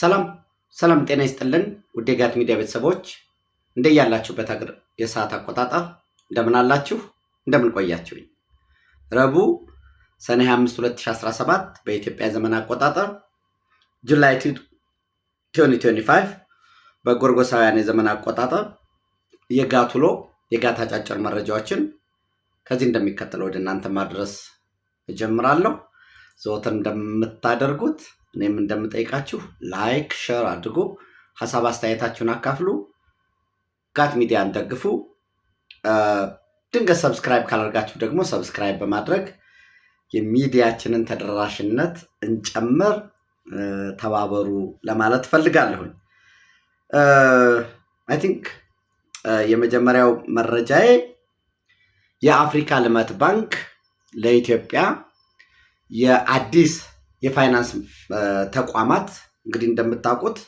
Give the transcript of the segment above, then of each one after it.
ሰላም ሰላም፣ ጤና ይስጥልን ውድ የጋት ሚዲያ ቤተሰቦች እንደያላችሁበት አገር የሰዓት አቆጣጠር እንደምን አላችሁ? እንደምን ቆያችሁኝ? ረቡዕ ሰኔ 25 2017 በኢትዮጵያ ዘመን አቆጣጠር ጁላይ 2025 በጎርጎሳውያን የዘመን አቆጣጠር የጋት ውሎ የጋት አጫጭር መረጃዎችን ከዚህ እንደሚከተለው ወደ እናንተ ማድረስ እጀምራለሁ። ዘወትር እንደምታደርጉት እኔም እንደምጠይቃችሁ ላይክ፣ ሸር አድርጉ፣ ሀሳብ አስተያየታችሁን አካፍሉ፣ ጋት ሚዲያን ደግፉ። ድንገት ሰብስክራይብ ካላደርጋችሁ ደግሞ ሰብስክራይብ በማድረግ የሚዲያችንን ተደራሽነት እንጨምር፣ ተባበሩ ለማለት እፈልጋለሁኝ። አይ ቲንክ የመጀመሪያው መረጃዬ የአፍሪካ ልማት ባንክ ለኢትዮጵያ የአዲስ የፋይናንስ ተቋማት እንግዲህ እንደምታውቁት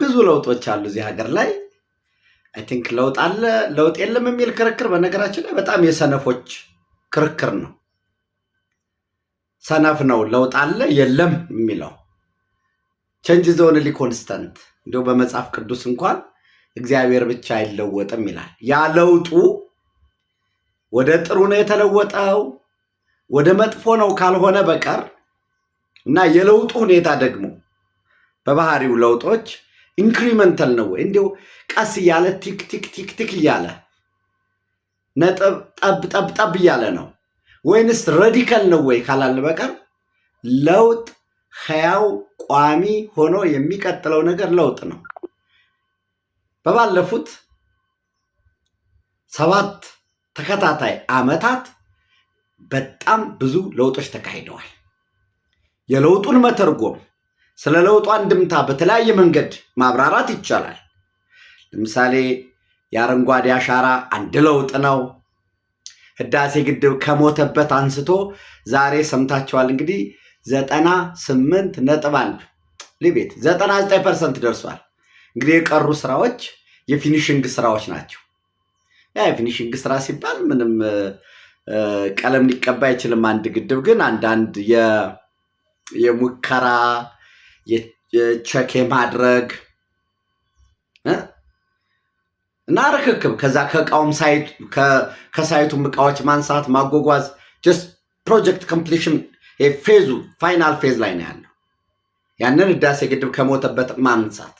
ብዙ ለውጦች አሉ እዚህ ሀገር ላይ አይ ቲንክ ለውጥ አለ ለውጥ የለም የሚል ክርክር በነገራችን ላይ በጣም የሰነፎች ክርክር ነው። ሰነፍ ነው ለውጥ አለ የለም የሚለው ቼንጅ ዘውን ኮንስተንት እንዲሁ በመጽሐፍ ቅዱስ እንኳን እግዚአብሔር ብቻ አይለወጥም ይላል። ያ ለውጡ ወደ ጥሩ ነው የተለወጠው ወደ መጥፎ ነው ካልሆነ በቀር እና የለውጡ ሁኔታ ደግሞ በባህሪው ለውጦች ኢንክሪመንታል ነው ወይ እንዲሁ ቀስ እያለ ቲክ ቲክ ቲክ ቲክ እያለ ነጥብ ጠብ ጠብ ጠብ እያለ ነው ወይንስ ረዲካል ነው ወይ ካላል በቀር ለውጥ ሕያው ቋሚ ሆኖ የሚቀጥለው ነገር ለውጥ ነው። በባለፉት ሰባት ተከታታይ ዓመታት በጣም ብዙ ለውጦች ተካሂደዋል። የለውጡን መተርጎም ስለ ለውጡ አንድምታ በተለያየ መንገድ ማብራራት ይቻላል። ለምሳሌ የአረንጓዴ አሻራ አንድ ለውጥ ነው። ህዳሴ ግድብ ከሞተበት አንስቶ ዛሬ ሰምታችኋል እንግዲህ ዘጠና ስምንት ነጥብ አንድ ሊቤት ዘጠና ዘጠኝ ፐርሰንት ደርሷል። እንግዲህ የቀሩ ስራዎች የፊኒሽንግ ስራዎች ናቸው። ያ የፊኒሽንግ ስራ ሲባል ምንም ቀለም ሊቀባ አይችልም። አንድ ግድብ ግን አንዳንድ የሙከራ የቸኬ ማድረግ እና ርክክብ ከዛ ከእቃውም ከሳይቱም እቃዎች ማንሳት ማጓጓዝ ፕሮጀክት ኮምፕሊሽን ፌዙ ፋይናል ፌዝ ላይ ነው ያለው። ያንን ህዳሴ ግድብ ከሞተበት ማንሳት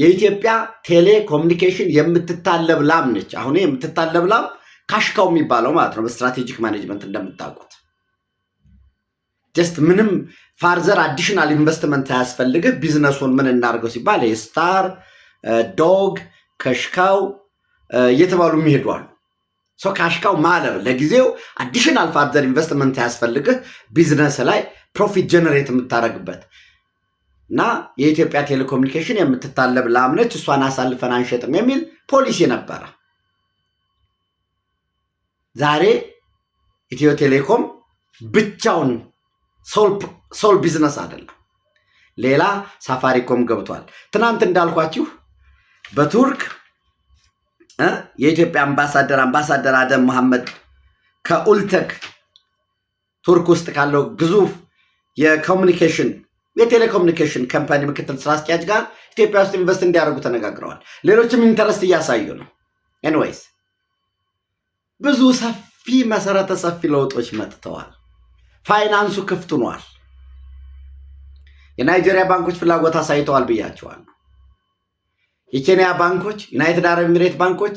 የኢትዮጵያ ቴሌኮሙኒኬሽን የምትታለብ ላም ነች። አሁን የምትታለብ ላም ካሽካው የሚባለው ማለት ነው። በስትራቴጂክ ማኔጅመንት እንደምታውቁት ጀስት ምንም ፋርዘር አዲሽናል ኢንቨስትመንት ሳያስፈልግህ ቢዝነሱን ምን እናድርገው ሲባል የስታር ዶግ ከሽካው እየተባሉ የሚሄዱ አሉ። ሰው ካሽካው ማለብ ለጊዜው አዲሽናል ፋርዘር ኢንቨስትመንት ሳያስፈልግህ ቢዝነስ ላይ ፕሮፊት ጀነሬት የምታደርግበት እና የኢትዮጵያ ቴሌኮሙኒኬሽን የምትታለብ ላምነች እሷን አሳልፈን አንሸጥም የሚል ፖሊሲ ነበረ። ዛሬ ኢትዮ ቴሌኮም ብቻውን ሶል ቢዝነስ አይደለም። ሌላ ሳፋሪኮም ገብቷል። ትናንት እንዳልኳችሁ በቱርክ የኢትዮጵያ አምባሳደር አምባሳደር አደም መሐመድ ከኡልተክ ቱርክ ውስጥ ካለው ግዙፍ የኮሚኒኬሽን የቴሌኮሙኒኬሽን ከምፓኒ ምክትል ስራ አስኪያጅ ጋር ኢትዮጵያ ውስጥ ኢንቨስት እንዲያደርጉ ተነጋግረዋል። ሌሎችም ኢንተረስት እያሳዩ ነው። ኤኒዌይስ ብዙ ሰፊ መሰረተ ሰፊ ለውጦች መጥተዋል። ፋይናንሱ ክፍት ሆኗል። የናይጄሪያ ባንኮች ፍላጎት አሳይተዋል ብያቸዋል። የኬንያ ባንኮች፣ ዩናይትድ አረብ ኤሚሬት ባንኮች፣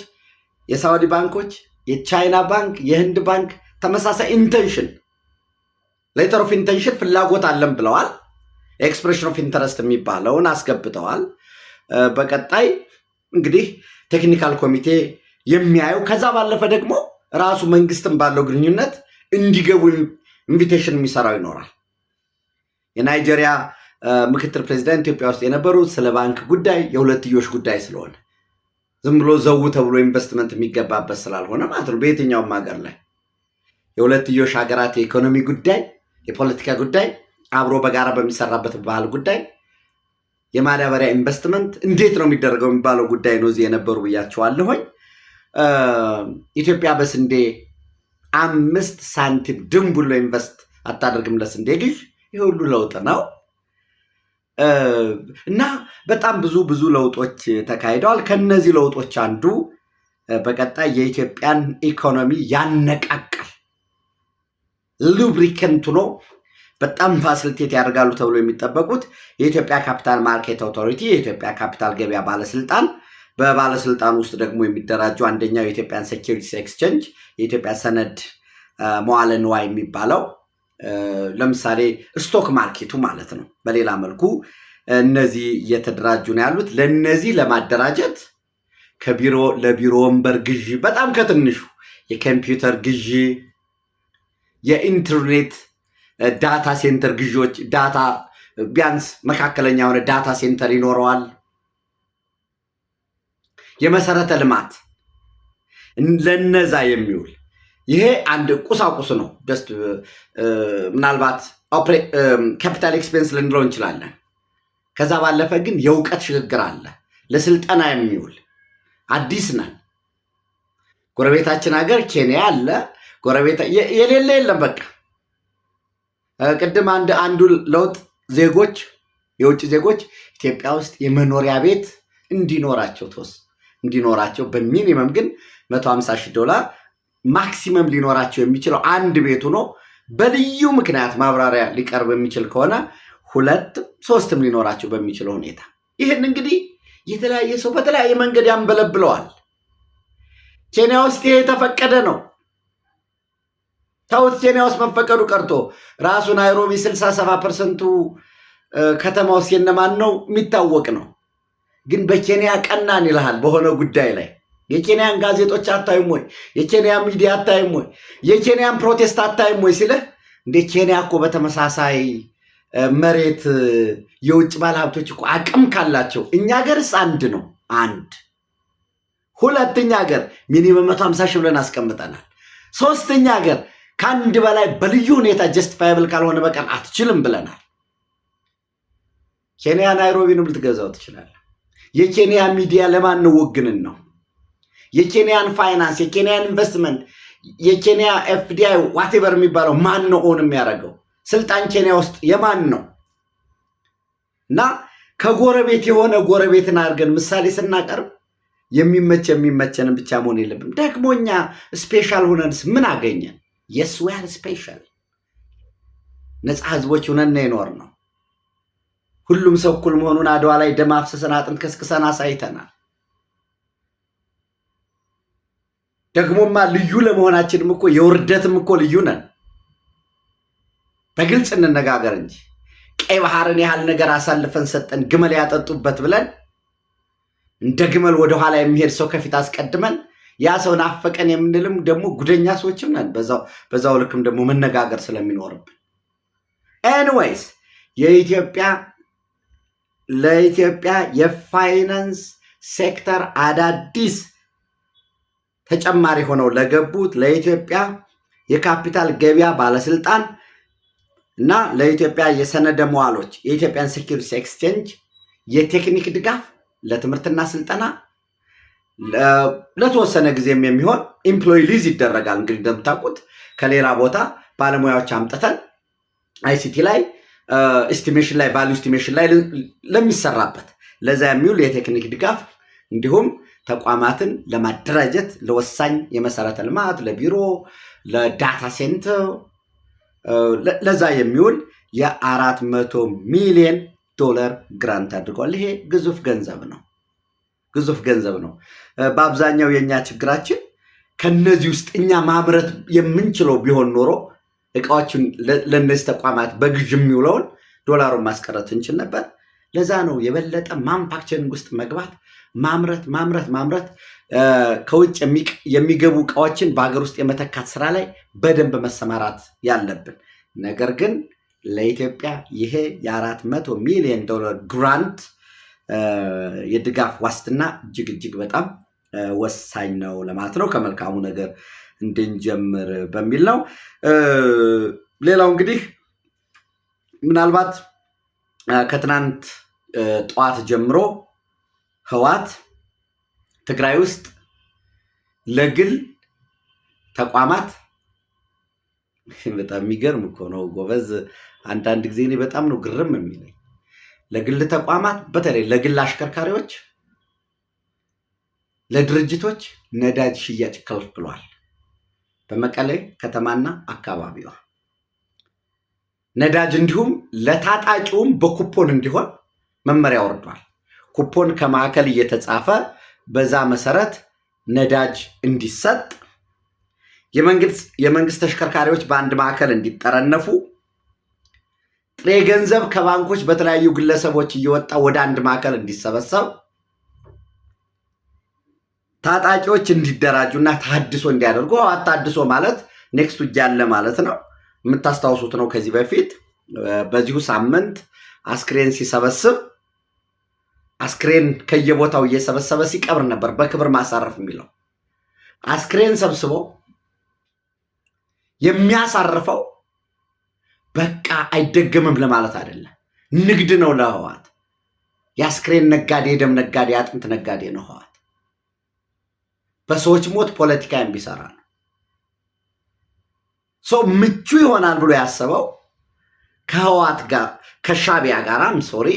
የሳውዲ ባንኮች፣ የቻይና ባንክ፣ የህንድ ባንክ ተመሳሳይ ኢንቴንሽን ሌተር ኦፍ ኢንቴንሽን ፍላጎት አለን ብለዋል። ኤክስፕሬሽን ኦፍ ኢንተረስት የሚባለውን አስገብተዋል። በቀጣይ እንግዲህ ቴክኒካል ኮሚቴ የሚያየው ከዛ ባለፈ ደግሞ ራሱ መንግስትን ባለው ግንኙነት እንዲገቡ ኢንቪቴሽን የሚሰራው ይኖራል። የናይጄሪያ ምክትል ፕሬዚዳንት ኢትዮጵያ ውስጥ የነበሩት ስለ ባንክ ጉዳይ የሁለትዮሽ ጉዳይ ስለሆነ ዝም ብሎ ዘው ተብሎ ኢንቨስትመንት የሚገባበት ስላልሆነ ማለት ነው። በየትኛውም ሀገር ላይ የሁለትዮሽ ሀገራት የኢኮኖሚ ጉዳይ፣ የፖለቲካ ጉዳይ አብሮ በጋራ በሚሰራበት ባህል ጉዳይ የማዳበሪያ ኢንቨስትመንት እንዴት ነው የሚደረገው የሚባለው ጉዳይ ነው እዚህ የነበሩ ብያቸዋለሁኝ። ኢትዮጵያ በስንዴ አምስት ሳንቲም ድም ብሎ ኢንቨስት አታደርግም ለስንዴ ግዥ። ይህ ሁሉ ለውጥ ነው እና በጣም ብዙ ብዙ ለውጦች ተካሂደዋል። ከነዚህ ለውጦች አንዱ በቀጣይ የኢትዮጵያን ኢኮኖሚ ያነቃቃል ሉብሪከንቱ ነው። በጣም ፋሲሊቴት ያደርጋሉ ተብሎ የሚጠበቁት የኢትዮጵያ ካፒታል ማርኬት አውቶሪቲ፣ የኢትዮጵያ ካፒታል ገበያ ባለስልጣን በባለስልጣን ውስጥ ደግሞ የሚደራጁ አንደኛው የኢትዮጵያን ሴኪሪቲስ ኤክስቼንጅ የኢትዮጵያ ሰነድ መዋለ ንዋይ የሚባለው ለምሳሌ ስቶክ ማርኬቱ ማለት ነው። በሌላ መልኩ እነዚህ እየተደራጁ ነው ያሉት። ለነዚህ ለማደራጀት ከቢሮ ለቢሮ ወንበር ግዢ በጣም ከትንሹ የኮምፒውተር ግዢ፣ የኢንተርኔት ዳታ ሴንተር ግዢዎች ዳታ ቢያንስ መካከለኛ የሆነ ዳታ ሴንተር ይኖረዋል። የመሰረተ ልማት ለነዛ የሚውል ይሄ አንድ ቁሳቁስ ነው። ደስ uh, ምናልባት ካፒታል ኤክስፔንስ um, ልንለው እንችላለን። ከዛ ባለፈ ግን የእውቀት ሽግግር አለ። ለስልጠና የሚውል አዲስ ነን። ጎረቤታችን ሀገር ኬንያ አለ። የሌለ የለም። በቃ ቅድም አንድ አንዱ ለውጥ ዜጎች የውጭ ዜጎች ኢትዮጵያ ውስጥ የመኖሪያ ቤት እንዲኖራቸው ተወስ እንዲኖራቸው በሚኒመም ግን 150 ሺህ ዶላር ማክሲመም ሊኖራቸው የሚችለው አንድ ቤት ነው። በልዩ ምክንያት ማብራሪያ ሊቀርብ የሚችል ከሆነ ሁለት ሶስትም ሊኖራቸው በሚችለው ሁኔታ ይህን እንግዲህ የተለያየ ሰው በተለያየ መንገድ ያንበለብለዋል። ኬንያ ውስጥ ይሄ የተፈቀደ ነው። ተውት፣ ኬንያ ውስጥ መፈቀዱ ቀርቶ ራሱ ናይሮቢ 67 ፐርሰንቱ ከተማ ውስጥ የነማን ነው የሚታወቅ ነው። ግን በኬንያ ቀናን ይልሃል። በሆነ ጉዳይ ላይ የኬንያን ጋዜጦች አታይም ወይ? የኬንያን ሚዲያ አታይም ወይ? የኬንያን ፕሮቴስት አታይም ወይ ሲለህ እንደ ኬንያ እኮ በተመሳሳይ መሬት የውጭ ባለሀብቶች እኮ አቅም ካላቸው እኛ ሀገርስ አንድ ነው። አንድ ሁለተኛ ሀገር ሚኒመም መቶ ሀምሳ ሺህ ብለን አስቀምጠናል። ሶስተኛ ሀገር ከአንድ በላይ በልዩ ሁኔታ ጀስቲፋያብል ካልሆነ በቀር አትችልም ብለናል። ኬንያ ናይሮቢንም ልትገዛው ትችላለህ። የኬንያ ሚዲያ ለማን ነው ወግንን ነው? የኬንያን ፋይናንስ፣ የኬንያን ኢንቨስትመንት፣ የኬንያ ኤፍዲአይ ዋቴቨር የሚባለው ማን ነው ኦን የሚያደርገው? ስልጣን ኬንያ ውስጥ የማን ነው? እና ከጎረቤት የሆነ ጎረቤትን አድርገን ምሳሌ ስናቀርብ የሚመች የሚመቸንን ብቻ መሆን የለብንም። ደግሞ እኛ ስፔሻል ሁነንስ ምን አገኘን? የስ ዌር ስፔሻል ነፃ ህዝቦች ሁነን ነው የኖር ነው ሁሉም ሰው እኩል መሆኑን አድዋ ላይ ደም አፍስሰን አጥንት ከስክሰን አሳይተናል። ደግሞማ ልዩ ለመሆናችንም እኮ የውርደትም እኮ ልዩ ነን። በግልጽ እንነጋገር እንጂ ቀይ ባህርን ያህል ነገር አሳልፈን ሰጠን፣ ግመል ያጠጡበት ብለን እንደ ግመል ወደኋላ የሚሄድ ሰው ከፊት አስቀድመን ያ ሰው ናፈቀን የምንልም ደግሞ ጉደኛ ሰዎችም ነን። በዛው ልክም ደግሞ መነጋገር ስለሚኖርብን ኤንዌይስ የኢትዮጵያ ለኢትዮጵያ የፋይናንስ ሴክተር አዳዲስ ተጨማሪ ሆነው ለገቡት ለኢትዮጵያ የካፒታል ገበያ ባለስልጣን እና ለኢትዮጵያ የሰነደ መዋሎች የኢትዮጵያን ሴኪሪቲስ ኤክስቼንጅ የቴክኒክ ድጋፍ ለትምህርትና ስልጠና ለተወሰነ ጊዜም የሚሆን ኢምፕሎይ ሊዝ ይደረጋል። እንግዲህ እንደምታውቁት ከሌላ ቦታ ባለሙያዎች አምጥተን አይሲቲ ላይ ስቲሜሽን uh, ላይ ቫሉ ስቲሜሽን ላይ ለሚሰራበት ለዛ የሚውል የቴክኒክ ድጋፍ እንዲሁም ተቋማትን ለማደራጀት ለወሳኝ የመሰረተ ልማት ለቢሮ፣ ለዳታ ሴንተር uh, ለዛ የሚውል የአራት መቶ ሚሊየን ዶላር ግራንት አድርጓል። ይሄ ግዙፍ ገንዘብ ነው። ግዙፍ ገንዘብ ነው። uh, በአብዛኛው የእኛ ችግራችን ከነዚህ ውስጥ እኛ ማምረት የምንችለው ቢሆን ኖሮ እቃዎችን ለነዚህ ተቋማት በግዥ የሚውለውን ዶላሩን ማስቀረት እንችል ነበር። ለዛ ነው የበለጠ ማንፋክቸሪንግ ውስጥ መግባት ማምረት ማምረት ማምረት ከውጭ የሚገቡ እቃዎችን በሀገር ውስጥ የመተካት ስራ ላይ በደንብ መሰማራት ያለብን። ነገር ግን ለኢትዮጵያ ይሄ የአራት መቶ ሚሊዮን ዶላር ግራንት የድጋፍ ዋስትና እጅግ እጅግ በጣም ወሳኝ ነው ለማለት ነው። ከመልካሙ ነገር እንድንጀምር በሚል ነው። ሌላው እንግዲህ ምናልባት ከትናንት ጠዋት ጀምሮ ህወሓት ትግራይ ውስጥ ለግል ተቋማት በጣም የሚገርም እኮ ነው ጎበዝ። አንዳንድ ጊዜ እኔ በጣም ነው ግርም የሚለኝ ለግል ተቋማት፣ በተለይ ለግል አሽከርካሪዎች፣ ለድርጅቶች ነዳጅ ሽያጭ ከልክሏል። በመቀሌ ከተማና አካባቢዋ ነዳጅ እንዲሁም ለታጣቂውም በኩፖን እንዲሆን መመሪያ ወርዷል። ኩፖን ከማዕከል እየተጻፈ በዛ መሰረት ነዳጅ እንዲሰጥ፣ የመንግስት ተሽከርካሪዎች በአንድ ማዕከል እንዲጠረነፉ፣ ጥሬ ገንዘብ ከባንኮች በተለያዩ ግለሰቦች እየወጣ ወደ አንድ ማዕከል እንዲሰበሰብ ታጣቂዎች እንዲደራጁ እና ታድሶ እንዲያደርጉ ህወሓት ታድሶ ማለት ኔክስት ውጊያ አለ ማለት ነው። የምታስታውሱት ነው። ከዚህ በፊት በዚሁ ሳምንት አስክሬን ሲሰበስብ አስክሬን ከየቦታው እየሰበሰበ ሲቀብር ነበር። በክብር ማሳረፍ የሚለው አስክሬን ሰብስቦ የሚያሳርፈው በቃ አይደገምም ለማለት አይደለም። ንግድ ነው ለህወሓት። የአስክሬን ነጋዴ፣ የደም ነጋዴ፣ የአጥንት ነጋዴ ነው ህወሓት። በሰዎች ሞት ፖለቲካ የሚሰራ ነው። ሰው ምቹ ይሆናል ብሎ ያሰበው ከህዋት ጋር ከሻቢያ ጋራም ሶሪ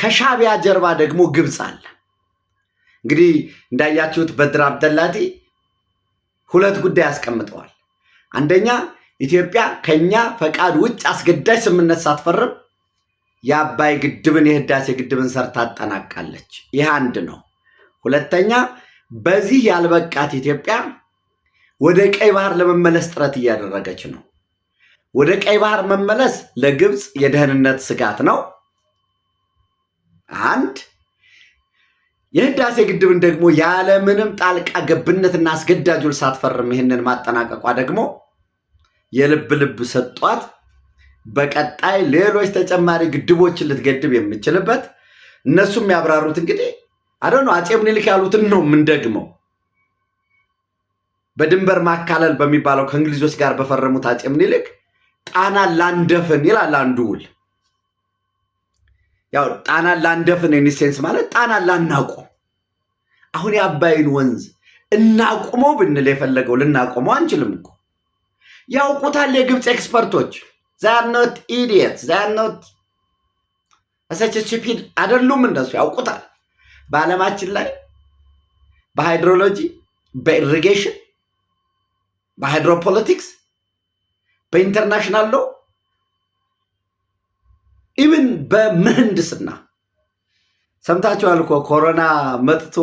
ከሻቢያ ጀርባ ደግሞ ግብፅ አለ። እንግዲህ እንዳያችሁት በድር አብደላቲ ሁለት ጉዳይ አስቀምጠዋል። አንደኛ ኢትዮጵያ ከኛ ፈቃድ ውጭ አስገዳጅ ስምምነት ሳትፈርም የአባይ ግድብን የህዳሴ ግድብን ሰርታ አጠናቃለች። ይህ አንድ ነው። ሁለተኛ በዚህ ያልበቃት ኢትዮጵያ ወደ ቀይ ባህር ለመመለስ ጥረት እያደረገች ነው። ወደ ቀይ ባህር መመለስ ለግብፅ የደህንነት ስጋት ነው። አንድ የህዳሴ ግድብን ደግሞ ያለምንም ጣልቃ ገብነትና አስገዳጅ ውል ሳትፈርም ይህንን ማጠናቀቋ ደግሞ የልብ ልብ ሰጧት። በቀጣይ ሌሎች ተጨማሪ ግድቦችን ልትገድብ የምችልበት እነሱም ያብራሩት እንግዲህ አረ ነው አፄ ምኒልክ ያሉትን ነው የምንደግመው። በድንበር ማካለል በሚባለው ከእንግሊዞች ጋር በፈረሙት አጼ ምኒልክ ጣናን ላንደፍን ይላል አንዱ ውል። ያው ጣናን ላንደፍን ኢንሴንስ ማለት ጣናን ላናቁ። አሁን የአባይን ወንዝ እናቁመው ብንል የፈለገው ልናቆመው አንችልም እኮ ያውቁታል። የግብፅ ኤክስፐርቶች ዛርኖት ኢዲየት ዛርኖት ሰች ስፒድ አይደሉም፣ እንደሱ ያውቁታል። በዓለማችን ላይ በሃይድሮሎጂ፣ በኢሪጌሽን፣ በሃይድሮፖለቲክስ፣ በኢንተርናሽናል ሎ ኢብን በምህንድስና ሰምታችኋል እኮ ኮሮና መጥቶ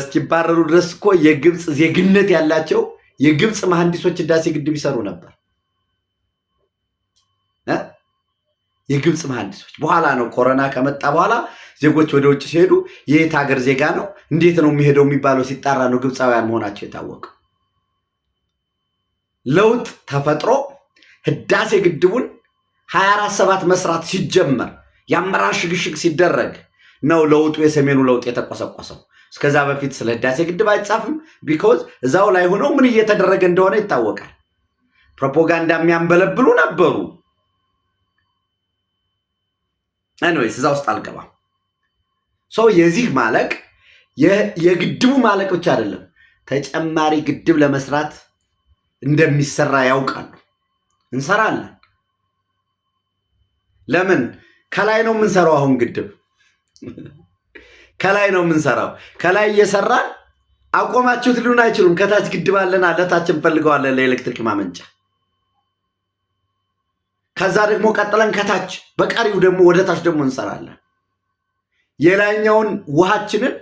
እስኪባረሩ ድረስ እኮ የግብፅ ዜግነት ያላቸው የግብፅ መሐንዲሶች ህዳሴ ግድብ ይሰሩ ነበር። የግብፅ መሐንዲሶች በኋላ ነው ኮረና ከመጣ በኋላ ዜጎች ወደ ውጭ ሲሄዱ የየት ሀገር ዜጋ ነው እንዴት ነው የሚሄደው የሚባለው ሲጣራ ነው ግብፃውያን መሆናቸው የታወቀው። ለውጥ ተፈጥሮ ህዳሴ ግድቡን 24 ሰባት መስራት ሲጀመር የአመራር ሽግሽግ ሲደረግ ነው ለውጡ የሰሜኑ ለውጥ የተቆሰቆሰው። እስከዛ በፊት ስለ ህዳሴ ግድብ አይጻፍም። ቢኮዝ እዛው ላይ ሆነው ምን እየተደረገ እንደሆነ ይታወቃል። ፕሮፓጋንዳ የሚያንበለብሉ ነበሩ። ኤኒዌይስ እዛ ውስጥ አልገባም። ሰው የዚህ ማለቅ የግድቡ ማለቅ ብቻ አይደለም፣ ተጨማሪ ግድብ ለመስራት እንደሚሰራ ያውቃሉ። እንሰራለን። ለምን ከላይ ነው የምንሰራው? አሁን ግድብ ከላይ ነው የምንሰራው። ከላይ እየሰራን አቆማችሁት ሊሆን አይችሉም። ከታች ግድብ አለና ለታች እንፈልገዋለን ለኤሌክትሪክ ማመንጫ ከዛ ደግሞ ቀጥለን ከታች በቀሪው ደግሞ ወደ ታች ደግሞ እንሰራለን። የላይኛውን ውሃችንን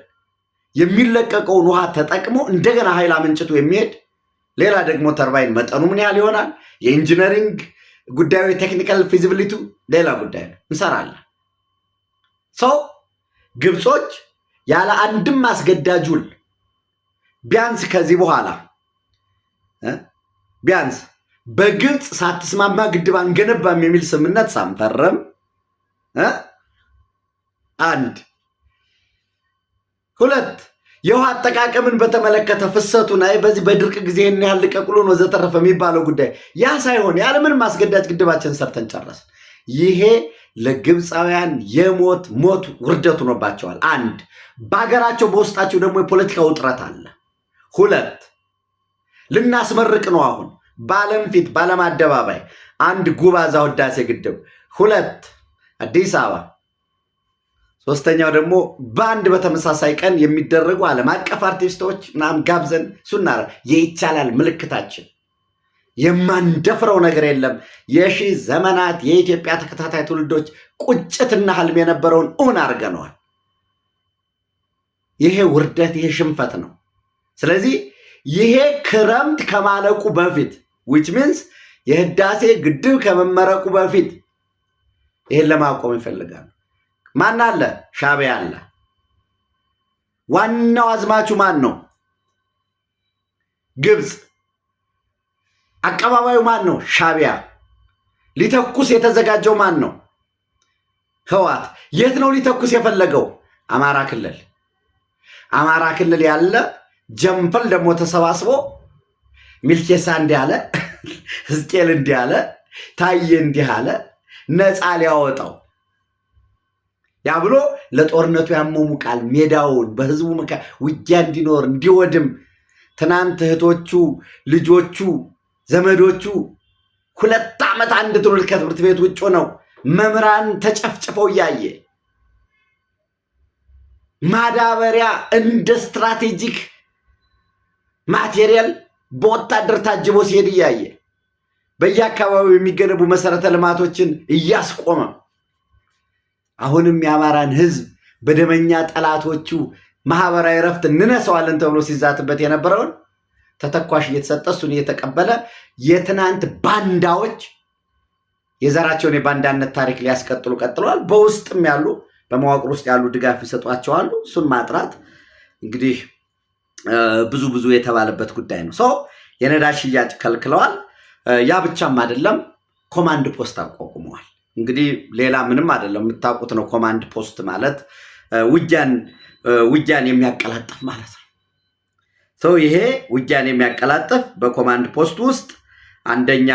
የሚለቀቀውን ውሃ ተጠቅሞ እንደገና ኃይል አመንጭቱ የሚሄድ ሌላ ደግሞ ተርባይን መጠኑ ምን ያህል ይሆናል፣ የኢንጂነሪንግ ጉዳዩ፣ የቴክኒካል ፊዚቢሊቱ ሌላ ጉዳይ ነው። እንሰራለን። ሰው ግብጾች ያለ አንድም አስገዳጅ ውል ቢያንስ ከዚህ በኋላ ቢያንስ በግልጽ ሳትስማማ ግድብ አንገነባም የሚል ስምምነት ሳንፈረም አንድ ሁለት የውሃ አጠቃቀምን በተመለከተ ፍሰቱን አይ በዚህ በድርቅ ጊዜ ይህን ያህል ነው ወዘተረፈ የሚባለው ጉዳይ ያ ሳይሆን ያለምን አስገዳጅ ግድባችን ሰርተን ጨረስን። ይሄ ለግብፃውያን የሞት ሞት ውርደት ሆኖባቸዋል። አንድ በሀገራቸው በውስጣቸው ደግሞ የፖለቲካ ውጥረት አለ። ሁለት ልናስመርቅ ነው አሁን በዓለም ፊት በዓለም አደባባይ አንድ ጉባዛ ህዳሴ ግድብ፣ ሁለት አዲስ አበባ፣ ሶስተኛው ደግሞ በአንድ በተመሳሳይ ቀን የሚደረጉ ዓለም አቀፍ አርቲስቶች ምናምን ጋብዘን ሱናረ የይቻላል ምልክታችን የማንደፍረው ነገር የለም። የሺ ዘመናት የኢትዮጵያ ተከታታይ ትውልዶች ቁጭትና ህልም የነበረውን እውን አድርገነዋል። ይሄ ውርደት፣ ይሄ ሽንፈት ነው። ስለዚህ ይሄ ክረምት ከማለቁ በፊት ዊች ሚንስ የህዳሴ ግድብ ከመመረቁ በፊት ይህን ለማቆም ይፈልጋሉ። ማን አለ? ሻቢያ አለ። ዋናው አዝማቹ ማን ነው? ግብፅ። አቀባባዩ ማን ነው? ሻቢያ ሊተኩስ የተዘጋጀው ማን ነው? ህወሓት። የት ነው ሊተኩስ የፈለገው? አማራ ክልል። አማራ ክልል ያለ ጀንፈል ደግሞ ተሰባስቦ ሚልኬሳ እንዲህ አለ፣ ህዝቅኤል እንዲህ አለ፣ ታዬ እንዲህ አለ። ነፃ ሊያወጣው ያ ብሎ ለጦርነቱ ያመሙ ቃል ሜዳውን በህዝቡ ውጊያ እንዲኖር እንዲወድም ትናንት እህቶቹ ልጆቹ ዘመዶቹ ሁለት ዓመት አንድ ትውልድ ከትምህርት ቤት ውጭ ነው መምህራን ተጨፍጭፈው እያየ ማዳበሪያ እንደ ስትራቴጂክ ማቴሪያል በወታደር ታጅቦ ሲሄድ እያየ በየአካባቢው የሚገነቡ መሰረተ ልማቶችን እያስቆመ አሁንም የአማራን ህዝብ በደመኛ ጠላቶቹ ማህበራዊ እረፍት እንነሰዋለን ተብሎ ሲዛትበት የነበረውን ተተኳሽ እየተሰጠ እሱን እየተቀበለ የትናንት ባንዳዎች የዘራቸውን የባንዳነት ታሪክ ሊያስቀጥሉ ቀጥለዋል። በውስጥም ያሉ በመዋቅር ውስጥ ያሉ ድጋፍ ይሰጧቸዋሉ። እሱን ማጥራት እንግዲህ ብዙ ብዙ የተባለበት ጉዳይ ነው። ሰው የነዳጅ ሽያጭ ከልክለዋል። ያ ብቻም አይደለም፣ ኮማንድ ፖስት አቋቁመዋል። እንግዲህ ሌላ ምንም አይደለም፣ የምታውቁት ነው። ኮማንድ ፖስት ማለት ውጊያን ውጊያን የሚያቀላጥፍ ማለት ነው። ሰው ይሄ ውጊያን የሚያቀላጥፍ በኮማንድ ፖስት ውስጥ አንደኛ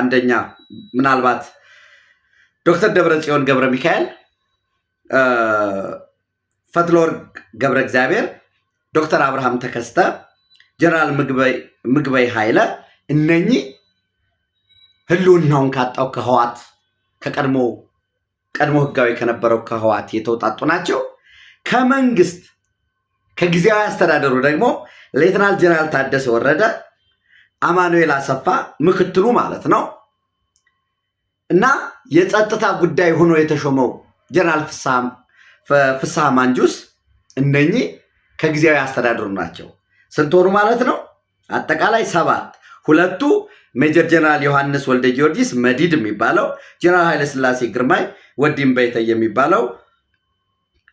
አንደኛ ምናልባት ዶክተር ደብረ ጽዮን ገብረ ሚካኤል ፈትለወርቅ ገብረ እግዚአብሔር፣ ዶክተር አብርሃም ተከስተ፣ ጀነራል ምግበይ ኃይለ እነኚህ ህልውናውን ካጣው ከህዋት ከቀድሞ ቀድሞ ህጋዊ ከነበረው ከህዋት የተውጣጡ ናቸው። ከመንግስት ከጊዜያዊ አስተዳደሩ ደግሞ ሌትናል ጀነራል ታደሰ ወረደ፣ አማኑኤል አሰፋ ምክትሉ ማለት ነው እና የጸጥታ ጉዳይ ሆኖ የተሾመው ጀነራል ፍሳም ፍስሐ ማንጁስ እነኚህ ከጊዜያዊ አስተዳደሩ ናቸው። ስንት ሆኑ ማለት ነው? አጠቃላይ ሰባት። ሁለቱ ሜጀር ጀነራል ዮሐንስ ወልደ ጊዮርጊስ መዲድ የሚባለው፣ ጀነራል ኃይለስላሴ ግርማይ ወዲም በይተ የሚባለው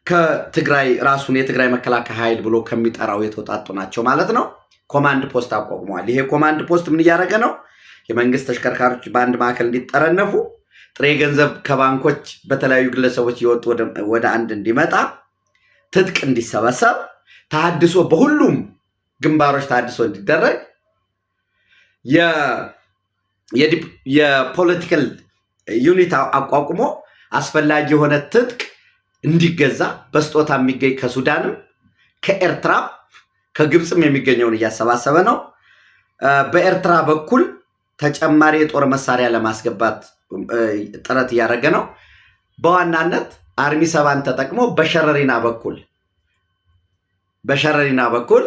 ከትግራይ ራሱን የትግራይ መከላከያ ኃይል ብሎ ከሚጠራው የተውጣጡ ናቸው ማለት ነው። ኮማንድ ፖስት አቋቁመዋል። ይሄ ኮማንድ ፖስት ምን እያደረገ ነው? የመንግስት ተሽከርካሪዎች በአንድ ማዕከል እንዲጠረነፉ ጥሬ ገንዘብ ከባንኮች በተለያዩ ግለሰቦች የወጡ ወደ አንድ እንዲመጣ፣ ትጥቅ እንዲሰበሰብ፣ ታድሶ በሁሉም ግንባሮች ታድሶ እንዲደረግ፣ የፖለቲካል ዩኒት አቋቁሞ አስፈላጊ የሆነ ትጥቅ እንዲገዛ በስጦታ የሚገኝ ከሱዳንም ከኤርትራም ከግብፅም የሚገኘውን እያሰባሰበ ነው። በኤርትራ በኩል ተጨማሪ የጦር መሳሪያ ለማስገባት ጥረት እያደረገ ነው። በዋናነት አርሚ ሰባን ተጠቅሞ በሸረሪና በኩል በሸረሪና በኩል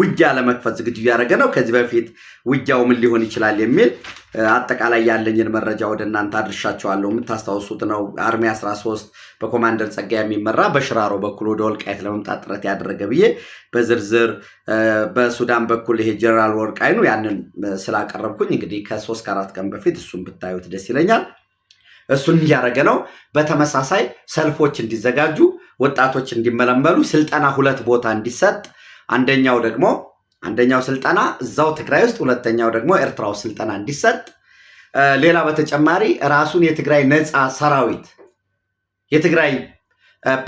ውጊያ ለመክፈት ዝግጁ እያደረገ ነው። ከዚህ በፊት ውጊያው ምን ሊሆን ይችላል የሚል አጠቃላይ ያለኝን መረጃ ወደ እናንተ አድርሻቸዋለሁ። የምታስታውሱት ነው። አርሚ 13 በኮማንደር ጸጋ የሚመራ በሽራሮ በኩል ወደ ወልቃይት ለመምጣት ጥረት ያደረገ ብዬ በዝርዝር በሱዳን በኩል ይሄ ጀነራል ወርቃይኑ ያንን ስላቀረብኩኝ እንግዲህ ከሶስት ከአራት ቀን በፊት እሱን ብታዩት ደስ ይለኛል። እሱን እያደረገ ነው። በተመሳሳይ ሰልፎች እንዲዘጋጁ፣ ወጣቶች እንዲመለመሉ፣ ስልጠና ሁለት ቦታ እንዲሰጥ አንደኛው ደግሞ አንደኛው ስልጠና እዛው ትግራይ ውስጥ፣ ሁለተኛው ደግሞ ኤርትራው ስልጠና እንዲሰጥ ሌላ በተጨማሪ ራሱን የትግራይ ነፃ ሰራዊት የትግራይ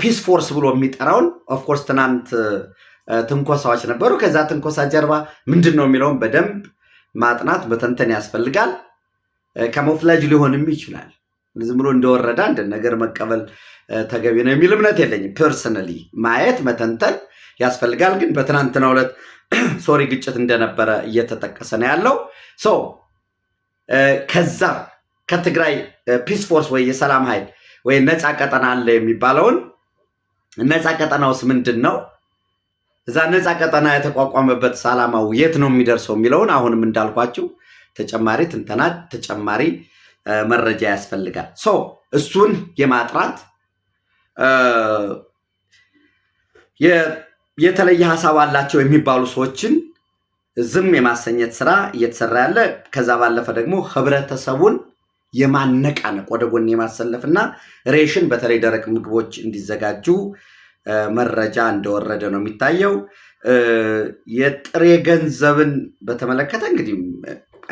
ፒስ ፎርስ ብሎ የሚጠራውን ኦፍኮርስ ትናንት ትንኮሳዎች ነበሩ። ከዛ ትንኮሳ ጀርባ ምንድን ነው የሚለውን በደንብ ማጥናት በተንተን ያስፈልጋል። ከሞፍላጅ ሊሆንም ይችላል። ዝም ብሎ እንደወረዳ አንድ ነገር መቀበል ተገቢ ነው የሚል እምነት የለኝም። ፐርሰነሊ ማየት መተንተን ያስፈልጋል። ግን በትናንትናው ዕለት ሶሪ ግጭት እንደነበረ እየተጠቀሰ ነው ያለው። ሶ ከዛ ከትግራይ ፒስ ፎርስ ወይ የሰላም ኃይል ወይ ነፃ ቀጠና አለ የሚባለውን ነፃ ቀጠናውስ ምንድን ነው? እዛ ነፃ ቀጠና የተቋቋመበት ሰላማው የት ነው የሚደርሰው የሚለውን አሁንም እንዳልኳችሁ ተጨማሪ ትንተና ተጨማሪ መረጃ ያስፈልጋል። እሱን የማጥራት የተለየ ሀሳብ አላቸው የሚባሉ ሰዎችን ዝም የማሰኘት ስራ እየተሰራ ያለ፣ ከዛ ባለፈ ደግሞ ህብረተሰቡን የማነቃነቅ ወደ ጎን የማሰለፍ እና ሬሽን በተለይ ደረቅ ምግቦች እንዲዘጋጁ መረጃ እንደወረደ ነው የሚታየው። የጥሬ ገንዘብን በተመለከተ እንግዲህ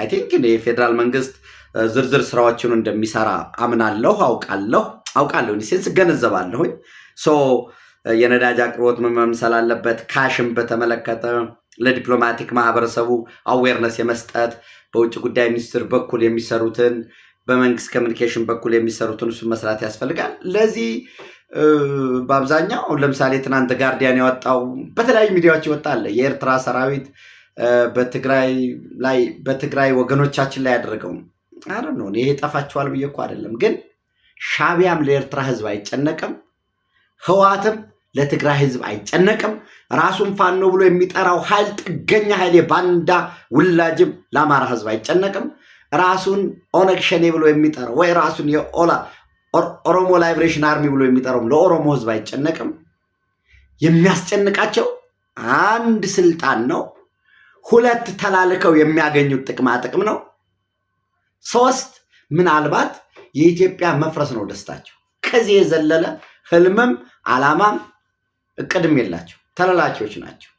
አይ ቲንክ የፌዴራል መንግስት ዝርዝር ስራዎችን እንደሚሰራ አምናለሁ፣ አውቃለሁ አውቃለሁ ሴንስ እገነዘባለሁኝ። የነዳጅ አቅርቦት መመምሰል አለበት። ካሽን በተመለከተ ለዲፕሎማቲክ ማህበረሰቡ አዌርነስ የመስጠት በውጭ ጉዳይ ሚኒስትር በኩል የሚሰሩትን በመንግስት ኮሚኒኬሽን በኩል የሚሰሩትን እሱን መስራት ያስፈልጋል። ለዚህ በአብዛኛው ለምሳሌ ትናንት ጋርዲያን ያወጣው በተለያዩ ሚዲያዎች ይወጣል የኤርትራ ሰራዊት በትግራይ ላይ በትግራይ ወገኖቻችን ላይ ያደረገው አረ ነው። ይሄ ጠፋችኋል ብዬ እኮ አይደለም፣ ግን ሻቢያም ለኤርትራ ህዝብ አይጨነቅም ህዋትም ለትግራይ ህዝብ አይጨነቅም። ራሱን ፋኖ ብሎ የሚጠራው ኃይል ጥገኛ ኃይል የባንዳ ውላጅም ለአማራ ህዝብ አይጨነቅም። ራሱን ኦነግ ሸኔ ብሎ የሚጠራው ወይ ራሱን ኦሮሞ ላይብሬሽን አርሚ ብሎ የሚጠራውም ለኦሮሞ ህዝብ አይጨነቅም። የሚያስጨንቃቸው አንድ ስልጣን ነው። ሁለት ተላልከው የሚያገኙት ጥቅማ ጥቅም ነው። ሶስት ምናልባት የኢትዮጵያ መፍረስ ነው ደስታቸው። ከዚህ የዘለለ ህልምም አላማም እቅድም የላቸው ተለላኪዎች ናቸው።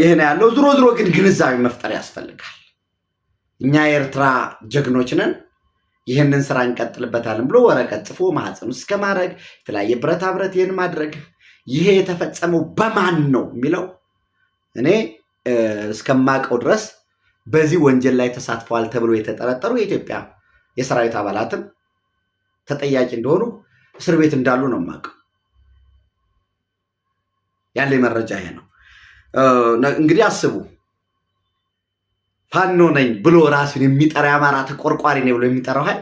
ይህን ያለው ዝሮ ዝሮ ግን ግንዛቤ መፍጠር ያስፈልጋል። እኛ የኤርትራ ጀግኖች ነን፣ ይህንን ስራ እንቀጥልበታለን ብሎ ወረቀት ጽፎ ማህፀኑ እስከማድረግ የተለያየ ብረታ ብረት ይህን ማድረግ ይሄ የተፈጸመው በማን ነው የሚለው እኔ እስከማውቀው ድረስ በዚህ ወንጀል ላይ ተሳትፈዋል ተብሎ የተጠረጠሩ የኢትዮጵያ የሰራዊት አባላትም ተጠያቂ እንደሆኑ እስር ቤት እንዳሉ ነው የማውቀው። ያለ መረጃ ይሄ ነው። እንግዲህ አስቡ ፋኖ ነኝ ብሎ ራሱን የሚጠራ የአማራ ተቆርቋሪ ነኝ ብሎ የሚጠራው ኃይል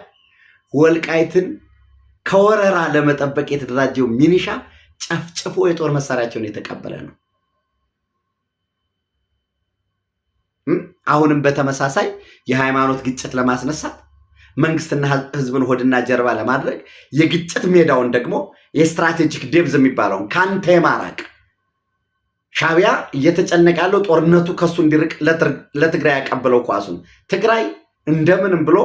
ወልቃይትን ከወረራ ለመጠበቅ የተደራጀው ሚኒሻ ጨፍጭፎ የጦር መሳሪያቸውን የተቀበለ ነው። አሁንም በተመሳሳይ የሃይማኖት ግጭት ለማስነሳት መንግስትና ህዝብን ሆድና ጀርባ ለማድረግ የግጭት ሜዳውን ደግሞ የስትራቴጂክ ዴብዝ የሚባለውን ከአንተ የማራቅ ሻቢያ እየተጨነቀ ያለው ጦርነቱ ከሱ እንዲርቅ ለትግራይ ያቀበለው ኳሱን ትግራይ እንደምንም ብሎ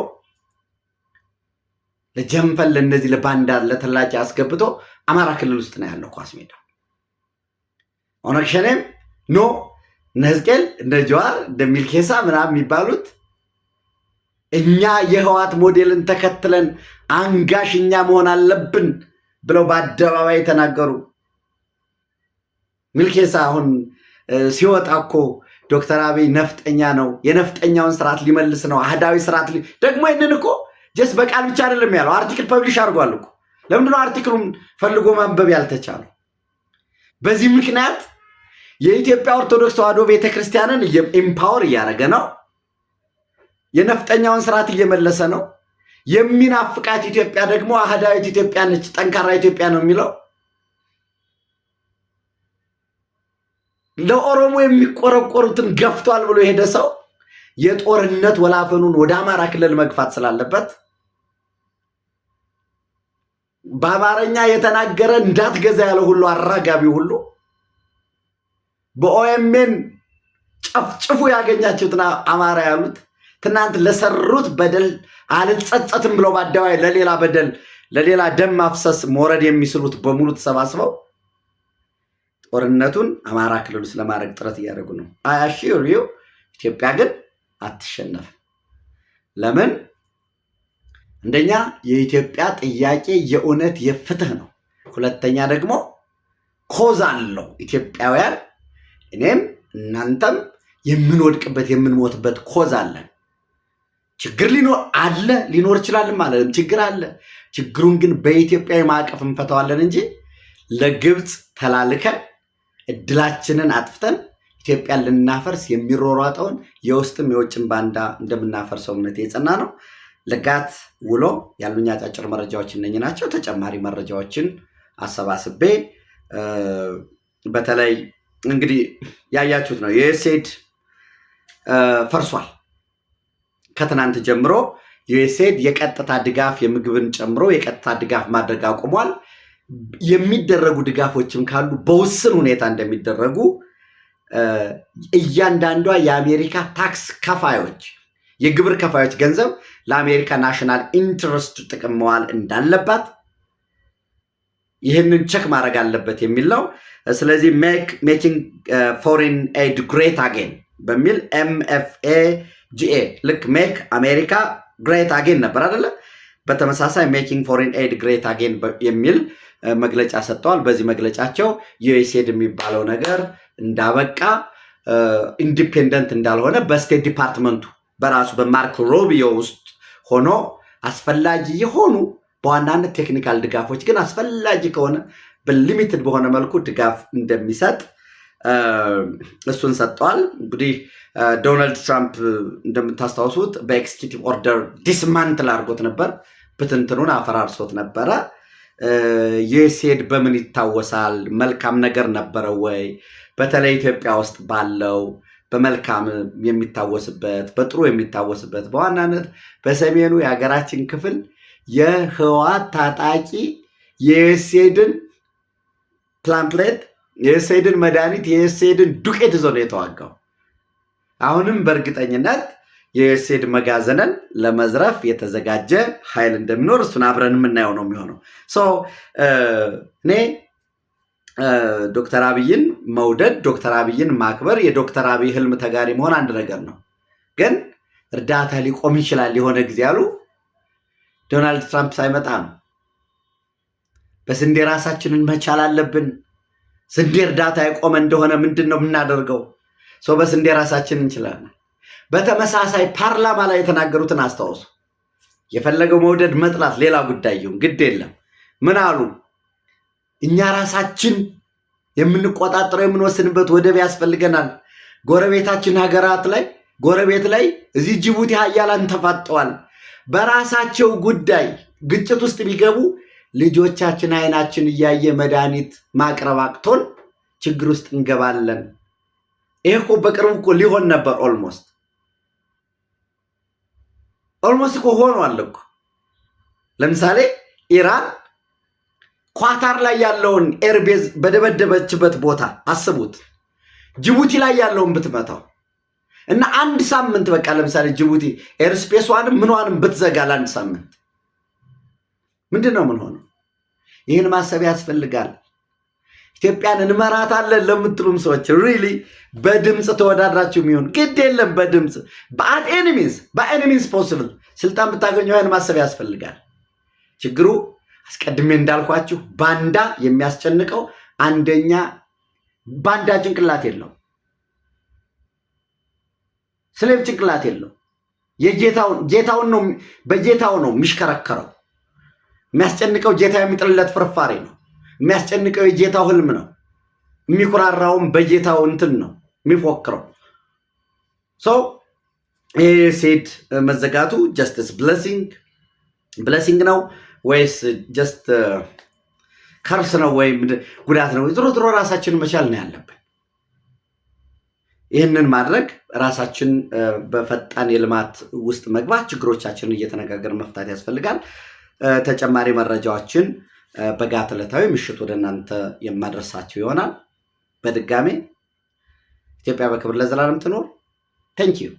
ለጀንፈን ለእነዚህ ለባንዳ ለተላጭ አስገብቶ አማራ ክልል ውስጥ ነው ያለው ኳስ ሜዳ። ኦነግ ሸኔም ኖ እነ ሕዝቅኤል እነ ጀዋር እነ ሚልኬሳ ምናምን የሚባሉት እኛ የህዋት ሞዴልን ተከትለን አንጋሽ እኛ መሆን አለብን ብለው በአደባባይ የተናገሩ ሚልኬሳ አሁን ሲወጣ እኮ ዶክተር አብይ ነፍጠኛ ነው፣ የነፍጠኛውን ስርዓት ሊመልስ ነው፣ አህዳዊ ስርዓት ደግሞ ይህንን እኮ ጀስ በቃል ብቻ አይደለም ያለው፣ አርቲክል ፐብሊሽ አድርጓል እኮ። ለምንድነው አርቲክሉን ፈልጎ ማንበብ ያልተቻለው? በዚህ ምክንያት የኢትዮጵያ ኦርቶዶክስ ተዋዶ ቤተክርስቲያንን ኤምፓወር እያደረገ ነው። የነፍጠኛውን ስርዓት እየመለሰ ነው። የሚናፍቃት ኢትዮጵያ ደግሞ አህዳዊት ኢትዮጵያ ነች፣ ጠንካራ ኢትዮጵያ ነው የሚለው ለኦሮሞ የሚቆረቆሩትን ገፍቷል ብሎ የሄደ ሰው የጦርነት ወላፈኑን ወደ አማራ ክልል መግፋት ስላለበት በአማርኛ የተናገረ እንዳትገዛ ያለ ሁሉ አራጋቢ ሁሉ በኦኤምኤን ጨፍጭፉ ያገኛችሁትን አማራ ያሉት ትናንት ለሰሩት በደል አልጸጸትም ብለው በአደባባይ ለሌላ በደል ለሌላ ደም ማፍሰስ መውረድ የሚስሉት በሙሉ ተሰባስበው ጦርነቱን አማራ ክልል ውስጥ ለማድረግ ጥረት እያደረጉ ነው። አያሺሪው ኢትዮጵያ ግን አትሸነፍም። ለምን? አንደኛ የኢትዮጵያ ጥያቄ የእውነት የፍትህ ነው። ሁለተኛ ደግሞ ኮዝ አለው። ኢትዮጵያውያን እኔም እናንተም የምንወድቅበት የምንሞትበት ኮዝ አለን። ችግር ሊኖር አለ ሊኖር ይችላል ማለት ችግር አለ። ችግሩን ግን በኢትዮጵያዊ ማዕቀፍ እንፈተዋለን እንጂ ለግብፅ ተላልከን እድላችንን አጥፍተን ኢትዮጵያን ልናፈርስ የሚሮሯጠውን የውስጥም የውጭን ባንዳ እንደምናፈርሰው እምነት የጸና ነው። ልጋት ውሎ ያሉኝ አጫጭር መረጃዎች እነኝ ናቸው። ተጨማሪ መረጃዎችን አሰባስቤ በተለይ እንግዲህ ያያችሁት ነው ዩኤስኤድ ፈርሷል። ከትናንት ጀምሮ ዩኤስኤድ የቀጥታ ድጋፍ የምግብን ጨምሮ የቀጥታ ድጋፍ ማድረግ አቁሟል። የሚደረጉ ድጋፎችም ካሉ በውስን ሁኔታ እንደሚደረጉ እያንዳንዷ የአሜሪካ ታክስ ከፋዮች የግብር ከፋዮች ገንዘብ ለአሜሪካ ናሽናል ኢንትረስት ጥቅም መዋል እንዳለባት ይህንን ቸክ ማድረግ አለበት የሚል ነው። ስለዚህ ሜኪንግ ፎሪን ኤድ ግሬት አጌን በሚል ኤምኤፍኤ ጂኤ ልክ ሜክ አሜሪካ ግሬት አጌን ነበር አይደለ? በተመሳሳይ ሜኪንግ ፎሪን ኤድ ግሬት አጌን የሚል መግለጫ ሰጥተዋል። በዚህ መግለጫቸው ዩኤስኤድ የሚባለው ነገር እንዳበቃ ኢንዲፔንደንት እንዳልሆነ በስቴት ዲፓርትመንቱ በራሱ በማርክ ሮቢዮ ውስጥ ሆኖ አስፈላጊ የሆኑ በዋናነት ቴክኒካል ድጋፎች ግን አስፈላጊ ከሆነ በሊሚትድ በሆነ መልኩ ድጋፍ እንደሚሰጥ እሱን ሰጥተዋል። እንግዲህ ዶናልድ ትራምፕ እንደምታስታውሱት በኤክስኪቲቭ ኦርደር ዲስማንትል አድርጎት ነበር፣ ብትንትኑን አፈራርሶት ነበረ። የሴድ በምን ይታወሳል? መልካም ነገር ነበረው ወይ? በተለይ ኢትዮጵያ ውስጥ ባለው በመልካም የሚታወስበት በጥሩ የሚታወስበት በዋናነት በሰሜኑ የሀገራችን ክፍል የህወሓት ታጣቂ የኤሴድን ፕላምፕሌት የኤሴድን መድኃኒት የኤሴድን ዱቄት ይዞ ነው የተዋጋው። አሁንም በእርግጠኝነት የዩኤስኤድ መጋዘንን ለመዝረፍ የተዘጋጀ ኃይል እንደሚኖር እሱን አብረን የምናየው ነው የሚሆነው። እኔ ዶክተር አብይን መውደድ፣ ዶክተር አብይን ማክበር፣ የዶክተር አብይ ህልም ተጋሪ መሆን አንድ ነገር ነው። ግን እርዳታ ሊቆም ይችላል የሆነ ጊዜ አሉ ዶናልድ ትራምፕ ሳይመጣ ነው። በስንዴ ራሳችንን መቻል አለብን። ስንዴ እርዳታ የቆመ እንደሆነ ምንድን ነው የምናደርገው? በስንዴ ራሳችን እንችላለን። በተመሳሳይ ፓርላማ ላይ የተናገሩትን አስታውሱ። የፈለገው መውደድ መጥላት ሌላ ጉዳይ ይሁን ግድ የለም። ምን አሉ? እኛ ራሳችን የምንቆጣጠረው የምንወስንበት ወደብ ያስፈልገናል። ጎረቤታችን ሀገራት ላይ ጎረቤት ላይ እዚህ ጅቡቲ ሀያላን ተፋጠዋል። በራሳቸው ጉዳይ ግጭት ውስጥ ቢገቡ ልጆቻችን አይናችን እያየ መድኃኒት ማቅረብ አቅቶን ችግር ውስጥ እንገባለን። ይሄ እኮ በቅርቡ እኮ ሊሆን ነበር ኦልሞስት ኦልሞስት እኮ ሆኗል እኮ። ለምሳሌ ኢራን ኳታር ላይ ያለውን ኤርቤዝ በደበደበችበት ቦታ አስቡት። ጅቡቲ ላይ ያለውን ብትመታው እና አንድ ሳምንት በቃ ለምሳሌ ጅቡቲ ኤርስፔስዋንም ምንዋንም ብትዘጋ ለአንድ ሳምንት ምንድን ነው ምን ሆነው? ይህን ማሰብ ያስፈልጋል። ኢትዮጵያን እንመራታለን ለምትሉም ሰዎች ሪሊ በድምፅ ተወዳድራችሁ የሚሆን ግድ የለም። በድምፅ በአድ ኤኒሚንስ በኤኒሚንስ ፖስብል ስልጣን ብታገኘው ያን ማሰብ ያስፈልጋል። ችግሩ አስቀድሜ እንዳልኳችሁ ባንዳ የሚያስጨንቀው አንደኛ ባንዳ ጭንቅላት የለው፣ ስሌብ ጭንቅላት የለው። ጌታውን ነው በጌታው ነው የሚሽከረከረው። የሚያስጨንቀው ጌታ የሚጥልለት ፍርፋሪ ነው። የሚያስጨንቀው የጌታው ህልም ነው። የሚኩራራውም በጌታው እንትን ነው የሚፎክረው ሰው። ይህ ሴድ መዘጋቱ ጀስትስ ብለሲንግ ብለሲንግ ነው ወይስ ጀስት ከርስ ነው ወይም ጉዳት ነው? ዝሮ ዝሮ ራሳችንን መቻል ነው ያለብን። ይህንን ማድረግ ራሳችን በፈጣን የልማት ውስጥ መግባት ችግሮቻችንን እየተነጋገር መፍታት ያስፈልጋል። ተጨማሪ መረጃዎችን በጋት ዕለታዊ ምሽት ወደ እናንተ የማደርሳችሁ ይሆናል። በድጋሜ ኢትዮጵያ በክብር ለዘላለም ትኖር። ተንኪዩ